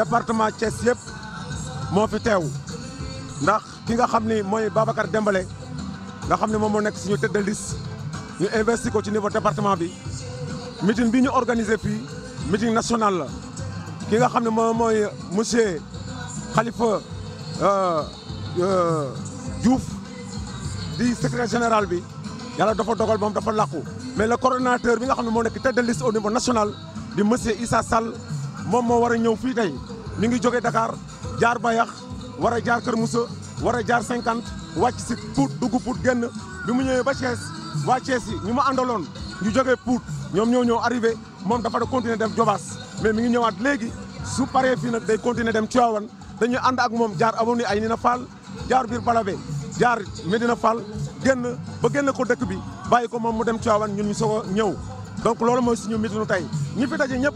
département cees yëpp moo fi teew ndax ki nga xam ni mooy Babacar dembale nga xam ne moom moo nekk suñu tête de liste ñu investi ko ci niveau département bi meeting bi ñu organisé fii meeting national la ki nga xam ne moom mooy monsieur Khalifa euh, euh, Diouf di secrétaire général bi yàlla dafa dogal moom dafa làqu mais le coordonnateur bi nga xam ne moo nekk tête de liste national di monsieur Issa sal moom moo war a ñëw fii tey ñu ngi jóge dakaar jaar Bayax war a jaar Kër Moussa war a jaar 50 wàcc si Pout dugg Pout génn bi mu ñëwee ba Thiès waa Thiès yi ñu ma àndaloon ñu jógee Pout ñoom ñoo ñëw arrivé moom dafa da continuer def Jobaas mais mi ngi ñëwaat léegi su paree fi nag day continuer dem Tivaouane dañuy ànd ak moom jaar aboni ay Nina Fall jaar biir Balabé jaar na Fall génn ba génn ko dëkk bi bàyyi ko moom mu dem Tivaouane ñun ñu soog ñëw donc loolu mooy suñu mitinu tey ñi fi daje nag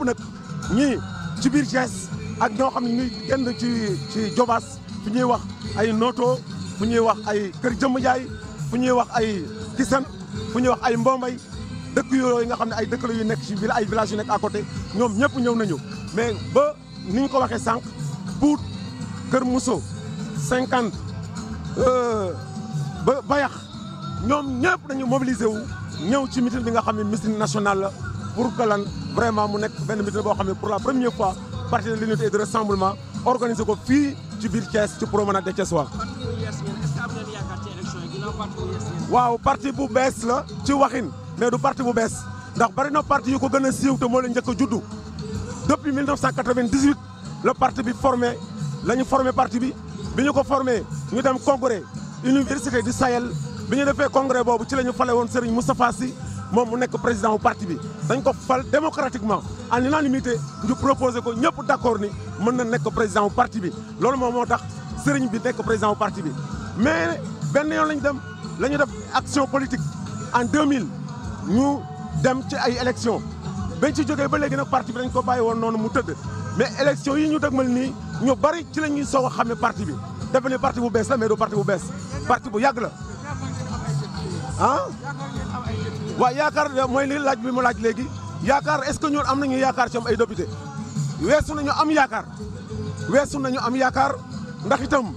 ci biir Thiès ak ñoo xam ni ñu génn ci ci Jobaas fu ñuy wax ay Noto fu ñuy wax ay Kër Jëmm Jaay fu ñuy wax ay Kisan fu ñuy wax ay Mbombay dëkk yi nga xam ne ay dëkk la yu nekk ci biir ay village yu nekk à côté ñoom ñëpp ñëw nañu mais ba ni ñu ko waxee sànq Pout Kër Mousso cinquante euh, ba Bayax ñoom ñëpp dañu mobiliser wu ñëw ci mitin bi nga xam ne mitin national la pour que lan vraiment mu nekk benn meeting boo xam ne pour la première fois parti de l'unité et de rassemblement ko fii ci biir Thiès ci promenade de Thiès waa waaw parti bu bees la ci waxin mais du parti bu bees ndax bari na parti yu ko gën a siiw te moo leen njëkk a juddu depuis 1998 la parti bi formé la ñu formé parti bi bi ñu ko forme ñu dem congrès université du Sahel bi ñu defee congrès boobu ci la ñu fale woon Serigne Moustapha Sy moom mu nekk président wu parti bi dañ ko fal démocratiquement à l'unanimité ñu proposé ko ñëpp d'accord ni mën na nekk président wu parti bi loolu moom moo tax sëriñ bi nekk président wu parti bi mais benn yoon lañ dem la ñu def action politique en 2000 ñu dem ci ay élection bañ ci jógee ba léegi nag parti bi dañ ko bàyyi woon noonu mu tëdd mais élection yi ñu dëgmal nii ñu bari ci la ñuy soog a xam ne parti bi dafa ne parti bu bees la mais du parti bees parti bu yàgg la ah? waa yaakaar mooy li laaj bi mu laaj léegi yaakaar est-ce que am nañu yaakaar ci am ay député weesu nañu am yaakaar weesu nañu am yaakaar ndax itam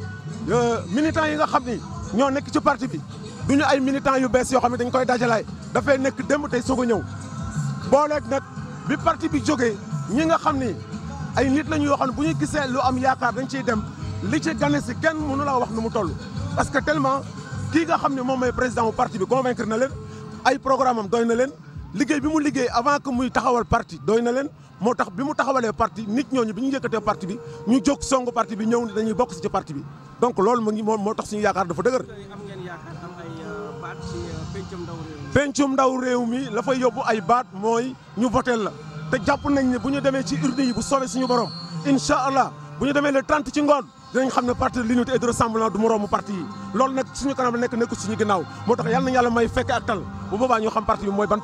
euh, militants yi nga xam ni ñoo nekk ci parti bi duñu ay militants yu bees yoo xam ne dañ koy dajalaay dafay nekk démb tey soog a ñëw booleeg nag bi parti bi jógee ñi nga xam ni ay nit lañu yoo xam ne bu ñu gisee lu am yaakaar dañ ciy dem li ci gane si kenn mënu laa wax nu mu toll parce que tellement kii nga xam ne moom mooy président bu parti bi na leen ay programme doy na leen liggéey bi mu liggéey avant que muy taxawal parti doy na leen moo tax bi mu taxawalee parti nit ñooñu bi ñu yëkkatee parti bi ñu jóg songu parti bi ñëw dañuy bokk si ci parti bi donc loolu mu ngi moom moo tax suñu yaakaar dafa dëgër. Euh, euh, pencum ndaw réew mi la fay yóbbu ay baat mooy ñu voteel la te jàpp nañ ne bu ñu demee ci urne yi bu soobee suñu borom incha allah bu ñu demee le 30 ci ngoon. dinañ xam ne parti de l'unité et de rassemblement du moroomu parti yi loolu nag suñu kanam nekk nekk suñu ginnaaw moo tax yàlla na yàlla may fekk ak tal bu boobaa ñoo xam parti bi mooy ban